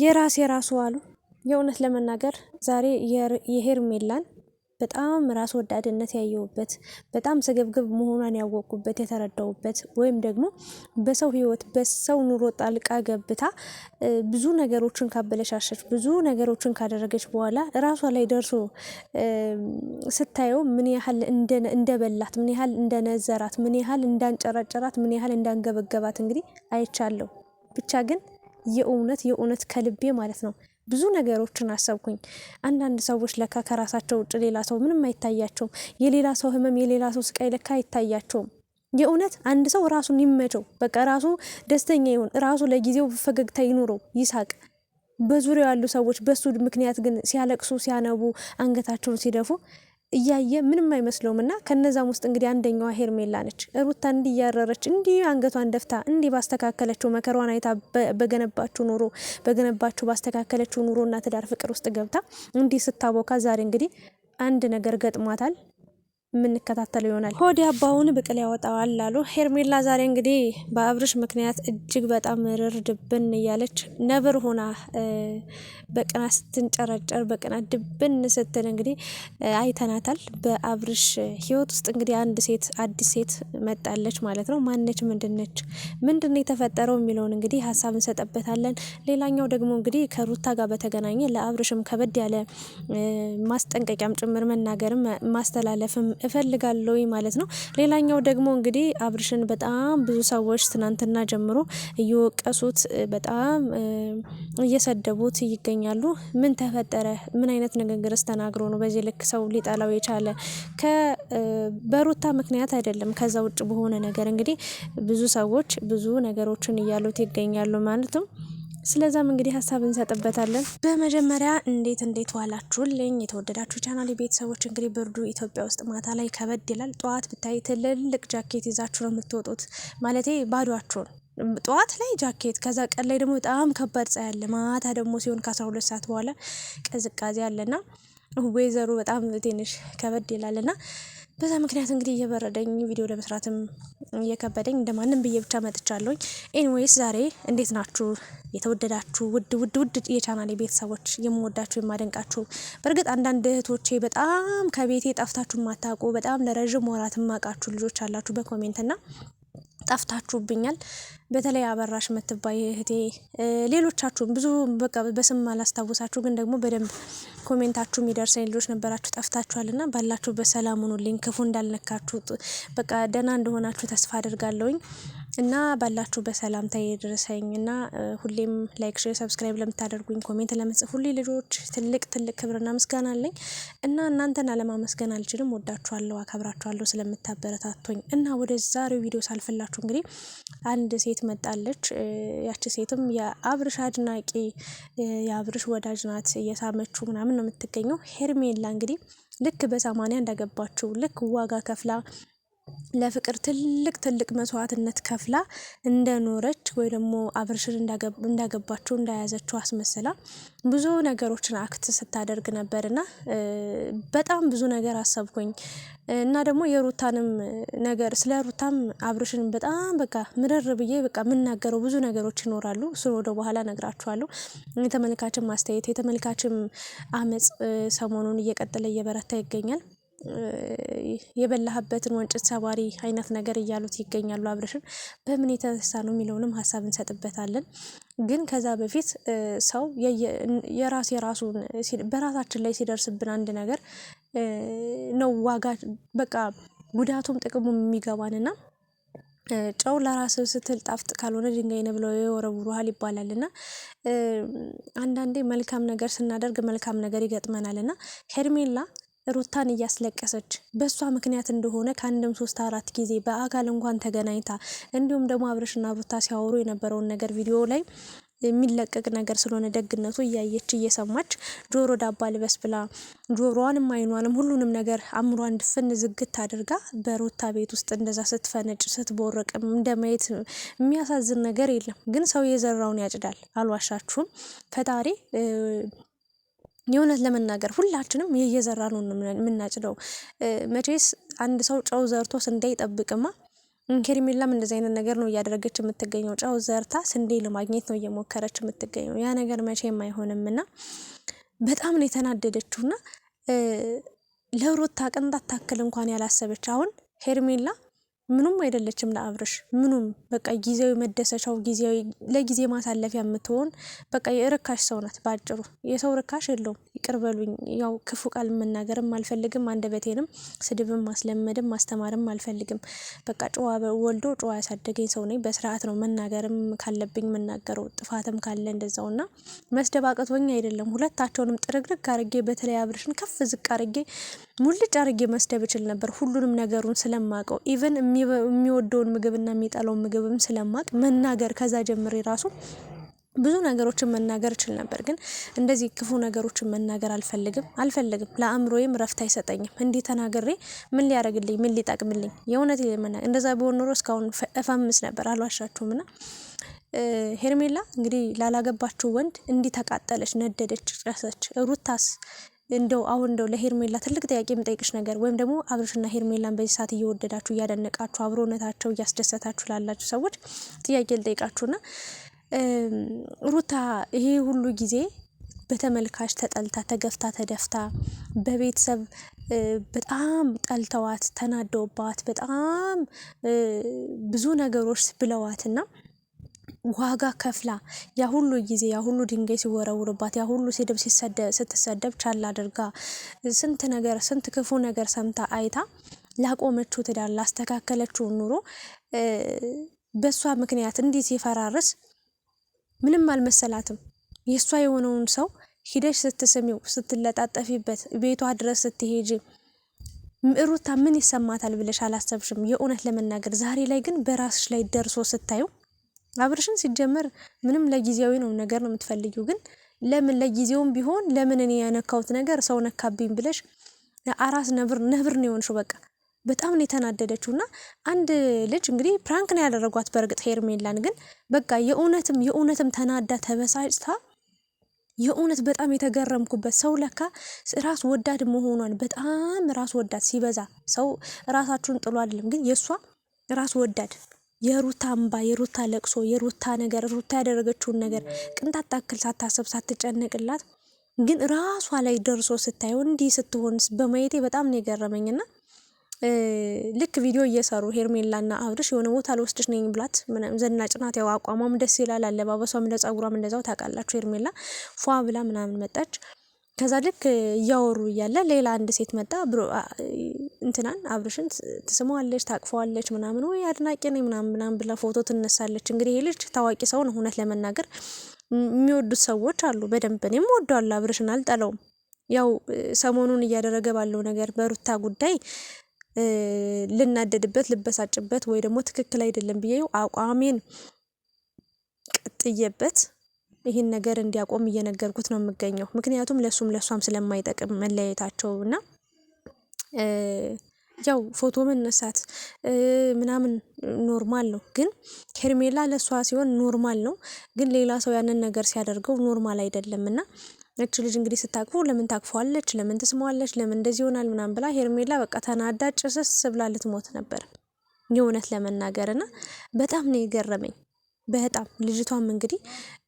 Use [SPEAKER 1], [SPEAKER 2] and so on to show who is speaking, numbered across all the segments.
[SPEAKER 1] የራሴ ራሱ አሉ። የእውነት ለመናገር ዛሬ የሄርሜላን በጣም ራስ ወዳድነት ያየውበት በጣም ስግብግብ መሆኗን ያወቅኩበት የተረዳውበት ወይም ደግሞ በሰው ህይወት በሰው ኑሮ ጣልቃ ገብታ ብዙ ነገሮችን ካበለሻሸች ብዙ ነገሮችን ካደረገች በኋላ ራሷ ላይ ደርሶ ስታየው ምን ያህል እንደበላት፣ ምን ያህል እንደነዘራት፣ ምን ያህል እንዳንጨረጨራት፣ ምን ያህል እንዳንገበገባት እንግዲህ አይቻለሁ ብቻ ግን የእውነት የእውነት ከልቤ ማለት ነው ብዙ ነገሮችን አሰብኩኝ። አንዳንድ ሰዎች ለካ ከራሳቸው ውጭ ሌላ ሰው ምንም አይታያቸውም። የሌላ ሰው ህመም፣ የሌላ ሰው ስቃይ ለካ አይታያቸውም። የእውነት አንድ ሰው ራሱን ይመቸው፣ በቃ ራሱ ደስተኛ ይሁን፣ ራሱ ለጊዜው ፈገግታ ይኑረው፣ ይሳቅ። በዙሪያው ያሉ ሰዎች በሱ ምክንያት ግን ሲያለቅሱ፣ ሲያነቡ፣ አንገታቸውን ሲደፉ እያየ ምንም አይመስለውም እና ከነዛም ውስጥ እንግዲህ አንደኛዋ ሄርሜላ ነች። ሩታ እንዲህ እያረረች እንዲህ አንገቷን ደፍታ እንዲህ ባስተካከለችው መከሯን አይታ በገነባችው ኑሮ በገነባችው ባስተካከለችው ኑሮ እና ትዳር ፍቅር ውስጥ ገብታ እንዲህ ስታቦካ ዛሬ እንግዲህ አንድ ነገር ገጥሟታል። የምንከታተለው ይሆናል። ሆድ አባውን ብቅል ያወጣዋል አሉ ሄርሜላ። ዛሬ እንግዲህ በአብርሽ ምክንያት እጅግ በጣም ምርር ድብን እያለች ነብር ሆና በቅናት ስትንጨረጨር በቅናት ድብን ስትል እንግዲህ አይተናታል። በአብርሽ ህይወት ውስጥ እንግዲህ አንድ ሴት አዲስ ሴት መጣለች ማለት ነው። ማነች? ምንድነች? ምንድን ነው የተፈጠረው የሚለውን እንግዲህ ሀሳብ እንሰጠበታለን። ሌላኛው ደግሞ እንግዲህ ከሩታ ጋር በተገናኘ ለአብርሽም ከበድ ያለ ማስጠንቀቂያም ጭምር መናገርም ማስተላለፍም እፈልጋለሁ ማለት ነው። ሌላኛው ደግሞ እንግዲህ አብርሽን በጣም ብዙ ሰዎች ትናንትና ጀምሮ እየወቀሱት በጣም እየሰደቡት ይገኛሉ። ምን ተፈጠረ? ምን አይነት ንግግርስ ተናግሮ ነው በዚህ ልክ ሰው ሊጠላው የቻለ? በሩታ ምክንያት አይደለም፣ ከዛ ውጭ በሆነ ነገር እንግዲህ ብዙ ሰዎች ብዙ ነገሮችን እያሉት ይገኛሉ ማለት ነው። ስለዛም እንግዲህ ሀሳብ እንሰጥበታለን። በመጀመሪያ እንዴት እንዴት ዋላችሁልኝ የተወደዳችሁ ቻናል ቤተሰቦች። እንግዲህ ብርዱ ኢትዮጵያ ውስጥ ማታ ላይ ከበድ ይላል። ጠዋት ብታይ ትልልቅ ጃኬት ይዛችሁ ነው የምትወጡት፣ ማለቴ ባዷችሁን ጠዋት ላይ ጃኬት ከዛ ቀን ላይ ደግሞ በጣም ከባድ ፀሐይ አለ። ማታ ደግሞ ሲሆን ከአስራ ሁለት ሰዓት በኋላ ቅዝቃዜ አለና ወይዘሩ በጣም ትንሽ ከበድ ይላልና በዛ ምክንያት እንግዲህ እየበረደኝ ቪዲዮ ለመስራትም እየከበደኝ እንደማንም ብዬ ብቻ መጥቻለሁኝ። ኤኒዌይስ ዛሬ እንዴት ናችሁ? የተወደዳችሁ ውድ ውድ ውድ የቻናሌ ቤተሰቦች የምወዳችሁ የማደንቃችሁ፣ በእርግጥ አንዳንድ እህቶቼ በጣም ከቤቴ ጠፍታችሁ ማታውቁ በጣም ለረዥም ወራት ማቃችሁ ልጆች አላችሁ በኮሜንትና ጠፍታችሁብኛል። በተለይ አበራሽ የምትባይ እህቴ፣ ሌሎቻችሁም ብዙ በቃ በስም አላስታውሳችሁ፣ ግን ደግሞ በደንብ ኮሜንታችሁ የሚደርሰኝ ልጆች ነበራችሁ። ጠፍታችኋልና ባላችሁበት ሰላም ሁኑልኝ። ክፉ እንዳልነካችሁ በቃ ደህና እንደሆናችሁ ተስፋ አድርጋለሁኝ። እና ባላችሁ በሰላምታዬ ይድረሰኝ እና ሁሌም ላይክ፣ ሼር፣ ሰብስክራይብ ለምታደርጉኝ ኮሜንት ሁሌ ልጆች ትልቅ ትልቅ ክብርና ምስጋና አለኝ እና እናንተን አለማመስገን አልችልም። ወዳችኋለሁ፣ አከብራችኋለሁ ስለምታበረታቶኝ እና ወደ ዛሬው ቪዲዮ ሳልፈላችሁ እንግዲህ አንድ ሴት መጣለች። ያቺ ሴትም የአብርሽ አድናቂ የአብርሽ ወዳጅ ናት። እየሳመችው ምናምን ነው የምትገኘው ሄርሜላ እንግዲህ ልክ በሰማንያ እንዳገባችው ልክ ዋጋ ከፍላ ለፍቅር ትልቅ ትልቅ መስዋዕትነት ከፍላ እንደኖረች ወይ ደግሞ አብርሽን እንዳገባችው እንደያዘችው አስመስላ ብዙ ነገሮችን አክት ስታደርግ ነበር እና በጣም ብዙ ነገር አሰብኩኝ እና ደግሞ የሩታንም ነገር ስለ ሩታም አብርሽን በጣም በቃ ምርር ብዬ በቃ የምናገረው ብዙ ነገሮች ይኖራሉ። እሱን ወደ በኋላ ነግራችኋለሁ። የተመልካችም ማስተያየት የተመልካችም አመፅ ሰሞኑን እየቀጠለ እየበረታ ይገኛል። የበላህበትን ወንጭት ሰባሪ አይነት ነገር እያሉት ይገኛሉ። አብርሽን በምን የተነሳ ነው የሚለውንም ሀሳብ እንሰጥበታለን። ግን ከዛ በፊት ሰው የራስ የራሱን በራሳችን ላይ ሲደርስብን አንድ ነገር ነው ዋጋ በቃ ጉዳቱም ጥቅሙም የሚገባንና ጨው ለራስ ስትል ጣፍጥ ካልሆነ ድንጋይ ነው ብለው የወረውሩሃል ይባላል። እና አንዳንዴ መልካም ነገር ስናደርግ መልካም ነገር ይገጥመናል። እና ሄርሜላ ሩታን እያስለቀሰች በእሷ ምክንያት እንደሆነ ከአንድም ሶስት አራት ጊዜ በአካል እንኳን ተገናኝታ እንዲሁም ደግሞ አብረሽና ሩታ ሲያወሩ የነበረውን ነገር ቪዲዮ ላይ የሚለቀቅ ነገር ስለሆነ ደግነቱ እያየች እየሰማች ጆሮ ዳባ ልበስ ብላ ጆሮዋንም አይኗንም ሁሉንም ነገር አእምሯን ድፍን ዝግት አድርጋ በሩታ ቤት ውስጥ እንደዛ ስትፈነጭ ስትቦረቅም እንደማየት የሚያሳዝን ነገር የለም። ግን ሰው የዘራውን ያጭዳል። አልዋሻችሁም። ፈጣሪ የእውነት ለመናገር ሁላችንም እየዘራ ነው የምናጭደው። መቼስ አንድ ሰው ጨው ዘርቶ ስንዴ አይጠብቅማ። ሄርሜላም እንደዚህ አይነት ነገር ነው እያደረገች የምትገኘው። ጨው ዘርታ ስንዴ ለማግኘት ነው እየሞከረች የምትገኘው። ያ ነገር መቼም አይሆንም እና በጣም ነው ና ለሩታ ቅንጣት ታክል እንኳን ያላሰበች አሁን ሄርሜላ ምኑም አይደለችም ለአብርሽ ምኑም በቃ ጊዜያዊ መደሰቻው ጊዜያዊ ለጊዜ ማሳለፊያ የምትሆን በቃ የርካሽ ሰው ናት በአጭሩ የሰው ርካሽ የለውም ይቅር በሉኝ ያው ክፉ ቃል መናገርም አልፈልግም አንደበቴንም ስድብም ማስለመድም ማስተማርም አልፈልግም በቃ ጨዋ ወልዶ ጨዋ ያሳደገኝ ሰው ነኝ በስርዓት ነው መናገርም ካለብኝ መናገረው ጥፋትም ካለ እንደዛው እና መስደብ አቅቶኝ አይደለም ሁለታቸውንም ጥርግርግ አርጌ በተለይ አብርሽን ከፍ ዝቅ አርጌ ሙልጭ አርጌ መስደብ እችል ነበር፣ ሁሉንም ነገሩን ስለማቀው ኢቨን የሚወደውን ምግብና የሚጠላውን ምግብም ስለማቅ መናገር ከዛ ጀምሬ ራሱ ብዙ ነገሮችን መናገር እችል ነበር። ግን እንደዚህ ክፉ ነገሮችን መናገር አልፈልግም አልፈልግም። ለአእምሮዬም ረፍት አይሰጠኝም። እንዲህ ተናግሬ ምን ሊያደርግልኝ ምን ሊጠቅምልኝ? የእውነት መናገር እንደዛ ቢሆን ኖሮ እስካሁን እፈምስ ነበር። አልዋሻችሁም ና ሄርሜላ እንግዲህ ላላገባችሁ ወንድ እንዲህ ተቃጠለች፣ ነደደች፣ ጨሰች። ሩታስ እንደው አሁን እንደው ለሄርሜላ ትልቅ ጥያቄ የምጠይቅሽ ነገር ወይም ደግሞ አብርሽና ሄርሜላን በዚህ ሰዓት እየወደዳችሁ እያደነቃችሁ አብሮነታቸው እያስደሰታችሁ ላላችሁ ሰዎች ጥያቄ ልጠይቃችሁና ሩታ ይሄ ሁሉ ጊዜ በተመልካች ተጠልታ ተገፍታ ተደፍታ በቤተሰብ በጣም ጠልተዋት ተናደውባት በጣም ብዙ ነገሮች ብለዋት እና ዋጋ ከፍላ ያ ሁሉ ጊዜ ያ ሁሉ ድንጋይ ሲወረውርባት ያ ሁሉ ስድብ ስትሰደብ ቻል አድርጋ ስንት ነገር ስንት ክፉ ነገር ሰምታ አይታ ላቆመችው ትዳር ላስተካከለችው ኑሮ በእሷ ምክንያት እንዲህ ሲፈራርስ ምንም አልመሰላትም። የእሷ የሆነውን ሰው ሂደሽ ስትስሚው ስትለጣጠፊበት ቤቷ ድረስ ስትሄጂ ሩታ ምን ይሰማታል ብለሽ አላሰብሽም። የእውነት ለመናገር ዛሬ ላይ ግን በራስሽ ላይ ደርሶ ስታዩ አብርሽን ሲጀመር ምንም ለጊዜያዊ ነው ነገር ነው የምትፈልጊው። ግን ለምን ለጊዜውም ቢሆን ለምን እኔ ያነካሁት ነገር ሰው ነካብኝ ብለሽ አራስ ነብር ነብር ነው የሆንሽው። በቃ በጣም ነው የተናደደችው። እና አንድ ልጅ እንግዲህ ፕራንክ ነው ያደረጓት በእርግጥ ሄርሜላን። ግን በቃ የእውነትም የእውነትም ተናዳ ተበሳጭታ የእውነት በጣም የተገረምኩበት ሰው ለካ ራስ ወዳድ መሆኗን በጣም ራስ ወዳድ ሲበዛ ሰው ራሳችሁን ጥሎ አይደለም ግን የእሷ ራስ ወዳድ የሩታ እንባ፣ የሩታ ለቅሶ፣ የሩታ ነገር ሩታ ያደረገችውን ነገር ቅንጣት ታክል ሳታሰብ ሳትጨነቅላት ግን ራሷ ላይ ደርሶ ስታየው እንዲህ ስትሆን በማየቴ በጣም ነው የገረመኝና ልክ ቪዲዮ እየሰሩ ሄርሜላና አብርሽ የሆነ ቦታ ልወስድሽ ነኝ ብላት ዘና ጭናት፣ ያው አቋሟም ደስ ይላል፣ አለባበሷም፣ ለጸጉሯም እንደዛው ታውቃላችሁ። ሄርሜላ ፏ ብላ ምናምን መጣች። ከዛ ልክ እያወሩ እያለ ሌላ አንድ ሴት መጣ። እንትናን አብርሽን ትስመዋለች፣ ታቅፈዋለች፣ ምናምን ወይ አድናቂ ነኝ ምናምን ምናምን ብላ ፎቶ ትነሳለች። እንግዲህ ይህ ልጅ ታዋቂ ሰው ነው። እውነት ለመናገር የሚወዱት ሰዎች አሉ በደንብ። እኔም ወደዋለሁ፣ አብርሽን አልጠላውም። ያው ሰሞኑን እያደረገ ባለው ነገር በሩታ ጉዳይ ልናደድበት ልበሳጭበት ወይ ደግሞ ትክክል አይደለም ብዬ አቋሜን ቀጥዬበት ይህን ነገር እንዲያቆም እየነገርኩት ነው የምገኘው። ምክንያቱም ለሱም ለሷም ስለማይጠቅም መለያየታቸው እና ያው ፎቶ መነሳት ምናምን ኖርማል ነው፣ ግን ሄርሜላ ለእሷ ሲሆን ኖርማል ነው፣ ግን ሌላ ሰው ያንን ነገር ሲያደርገው ኖርማል አይደለም እና እች ልጅ እንግዲህ ስታቅፎ ለምን ታቅፏለች? ለምን ትስመዋለች? ለምን እንደዚህ ይሆናል? ምናምን ብላ ሄርሜላ በቃ ተናዳ ጭስስ ብላ ልትሞት ነበር የእውነት ለመናገር እና በጣም ነው የገረመኝ። በጣም ልጅቷም እንግዲህ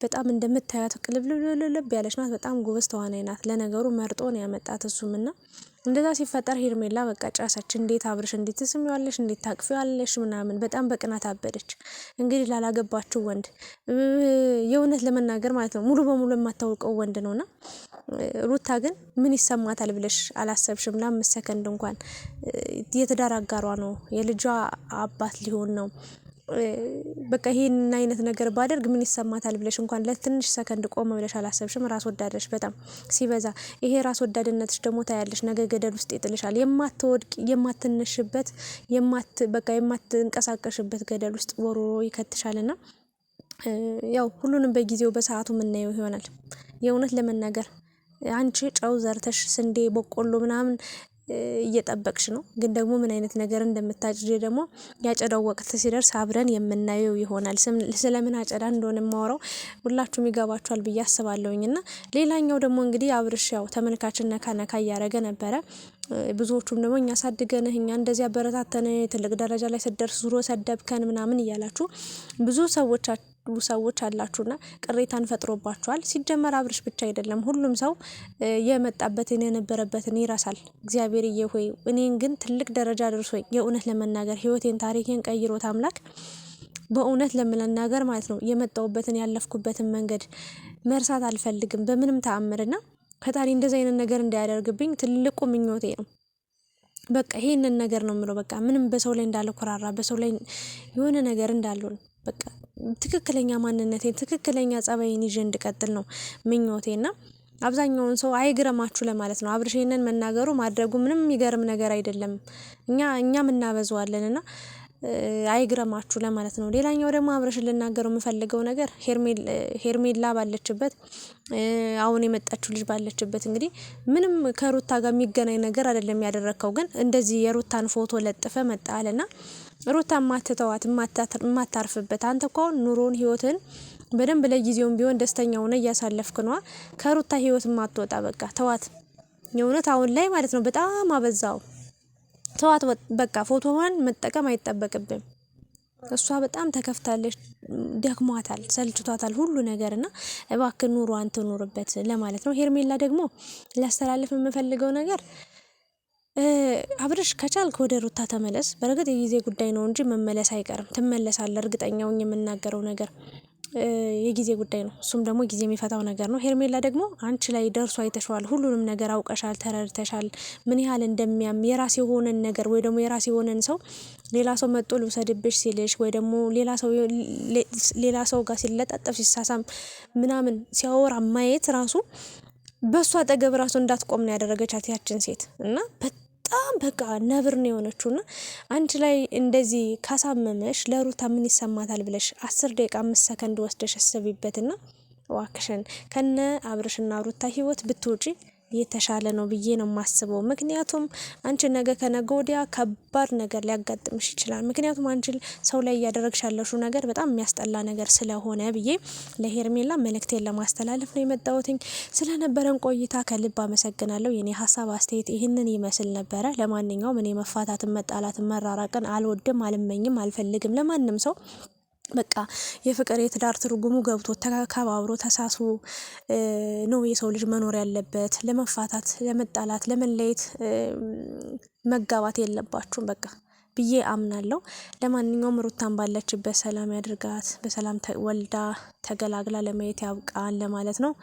[SPEAKER 1] በጣም እንደምታያት ቅልብልብልብ ያለች ናት። በጣም ጎበዝ ተዋናይ ናት። ለነገሩ መርጦ ነው ያመጣት እሱም ና እንደዛ ሲፈጠር ሄርሜላ በቃ ጨረሰች። እንዴት አብርሽ እንዴት ትስሚዋለሽ እንዴት ታቅፊዋለሽ ምናምን በጣም በቅናት አበደች። እንግዲህ ላላገባችው ወንድ የእውነት ለመናገር ማለት ነው ሙሉ በሙሉ የማታውቀው ወንድ ነውና ሩታ ግን ምን ይሰማታል ብለሽ አላሰብሽም? ለአምስት ሰከንድ እንኳን የትዳር አጋሯ ነው፣ የልጇ አባት ሊሆን ነው በቃ ይህን አይነት ነገር ባደርግ ምን ይሰማታል ብለሽ እንኳን ለትንሽ ሰከንድ ቆመ ብለሽ አላሰብሽም። ራስ ወዳደሽ በጣም ሲበዛ። ይሄ ራስ ወዳድነትሽ ደግሞ ታያለሽ፣ ነገ ገደል ውስጥ ይጥልሻል። የማትወድቅ የማትነሽበት፣ የማት በቃ የማትንቀሳቀሽበት ገደል ውስጥ ወርውሮ ይከትሻልና ያው ሁሉንም በጊዜው በሰዓቱ የምናየው ይሆናል። የእውነት ለመናገር አንቺ ጨው ዘርተሽ ስንዴ በቆሎ ምናምን እየጠበቅሽ ነው። ግን ደግሞ ምን አይነት ነገር እንደምታጭድ ደግሞ ያጨዳው ወቅት ሲደርስ አብረን የምናየው ይሆናል። ስለምን አጨዳ እንደሆነ የማወራው ሁላችሁም ይገባችኋል ብዬ አስባለሁኝ። እና ሌላኛው ደግሞ እንግዲህ አብርሽ ያው ተመልካችን ነካ ነካ እያደረገ ነበረ። ብዙዎቹም ደግሞ እኛ ሳድገንህ እኛ እንደዚህ አበረታተንህ ትልቅ ደረጃ ላይ ስደርስ ዙሮ ሰደብከን ምናምን እያላችሁ ብዙ ሰዎቻችሁ የምትወዱ ሰዎች አላችሁና ቅሬታን ፈጥሮባችኋል። ሲጀመር አብርሽ ብቻ አይደለም፣ ሁሉም ሰው የመጣበትን የነበረበትን ይረሳል። እግዚአብሔርዬ ሆይ እኔን ግን ትልቅ ደረጃ ደርሶኝ የእውነት ለመናገር ህይወቴን ታሪኬን ቀይሮት አምላክ በእውነት ለመናገር ማለት ነው የመጣሁበትን ያለፍኩበትን መንገድ መርሳት አልፈልግም በምንም ተአምርና ፈጣሪ እንደዚ አይነት ነገር እንዳያደርግብኝ ትልቁ ምኞቴ ነው። በቃ ይሄንን ነገር ነው የምለው። በቃ ምንም በሰው ላይ እንዳለኮራራ በሰው ላይ የሆነ ነገር እንዳልሆን በቃ ትክክለኛ ማንነቴን ትክክለኛ ጸባይን ይዤ እንድቀጥል ነው ምኞቴና አብዛኛውን ሰው አይግረማችሁ ለማለት ነው። አብርሽ መናገሩ ማድረጉ ምንም የሚገርም ነገር አይደለም። እኛ እኛም እናበዘዋለን እና አይግረማችሁ ለማለት ነው። ሌላኛው ደግሞ አብረሽን ልናገረው የምፈልገው ነገር ሄርሜላ ባለችበት አሁን የመጣችው ልጅ ባለችበት እንግዲህ ምንም ከሩታ ጋር የሚገናኝ ነገር አይደለም ያደረግከው፣ ግን እንደዚህ የሩታን ፎቶ ለጥፈ መጣልና ሩታ ማትተዋት የማታርፍበት አንተ እኮ አሁን ኑሮን ህይወትን በደንብ ለጊዜውም ቢሆን ደስተኛ ሆነ እያሳለፍክ ነዋ። ከሩታ ህይወት ማትወጣ በቃ ተዋት። የእውነት አሁን ላይ ማለት ነው በጣም አበዛው። ተዋት በቃ ፎቶዋን መጠቀም አይጠበቅብም። እሷ በጣም ተከፍታለች፣ ደክሟታል፣ ሰልችቷታል ሁሉ ነገር እና እባክህ ኑሯን ትኑርበት ለማለት ነው። ሄርሜላ ደግሞ ሊያስተላልፍ የምፈልገው ነገር አብርሽ ከቻልክ ወደ ሩታ ተመለስ። በእርግጥ የጊዜ ጉዳይ ነው እንጂ መመለስ አይቀርም፣ ትመለሳለህ። እርግጠኛውን የምናገረው ነገር የጊዜ ጉዳይ ነው። እሱም ደግሞ ጊዜ የሚፈታው ነገር ነው። ሄርሜላ ደግሞ አንቺ ላይ ደርሶ አይተሸዋል። ሁሉንም ነገር አውቀሻል፣ ተረድተሻል። ምን ያህል እንደሚያም የራስ የሆነን ነገር ወይ ደግሞ የራስ የሆነን ሰው ሌላ ሰው መጦ ልውሰድብሽ ሲልሽ ወይ ደግሞ ሌላ ሰው ጋር ሲለጣጠፍ ሲሳሳም ምናምን ሲያወራ ማየት ራሱ በእሱ አጠገብ ራሱ እንዳትቆም ነው ያደረገቻት ያችን ሴት እና በጣም በቃ ነብር ነው የሆነችው። እና አንቺ ላይ እንደዚህ ካሳመመሽ ለሩታ ምን ይሰማታል ብለሽ አስር ደቂቃ አምስት ሰከንድ ወስደሽ አስቢበትና ዋክሽን ከነ አብርሽና ሩታ ህይወት ብትወጪ የተሻለ ነው ብዬ ነው የማስበው። ምክንያቱም አንቺ ነገ ከነገ ወዲያ ከባድ ነገር ሊያጋጥምሽ ይችላል። ምክንያቱም አንቺ ሰው ላይ እያደረግሽ ያለሽው ነገር በጣም የሚያስጠላ ነገር ስለሆነ ብዬ ለሄርሜላ መልእክቴን ለማስተላለፍ ነው የመጣሁትኝ። ስለነበረን ቆይታ ከልብ አመሰግናለሁ። የኔ ሀሳብ አስተያየት ይህንን ይመስል ነበረ። ለማንኛውም እኔ መፋታትን፣ መጣላትን፣ መራራቅን አልወድም፣ አልመኝም፣ አልፈልግም ለማንም ሰው በቃ የፍቅር የትዳር ትርጉሙ ገብቶ ተከባብሮ ተሳስቦ ነው የሰው ልጅ መኖር ያለበት። ለመፋታት፣ ለመጣላት፣ ለመለየት መጋባት የለባችሁም በቃ ብዬ አምናለሁ። ለማንኛውም ሩታን ባለችበት ሰላም ያድርጋት፣ በሰላም ወልዳ ተገላግላ ለማየት ያብቃን ለማለት ነው።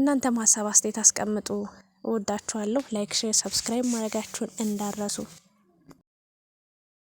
[SPEAKER 1] እናንተም ሀሳብ አስተያየት አስቀምጡ። ወዳችኋለሁ። ላይክ፣ ሼር፣ ሰብስክራይብ ማድረጋችሁን እንዳረሱ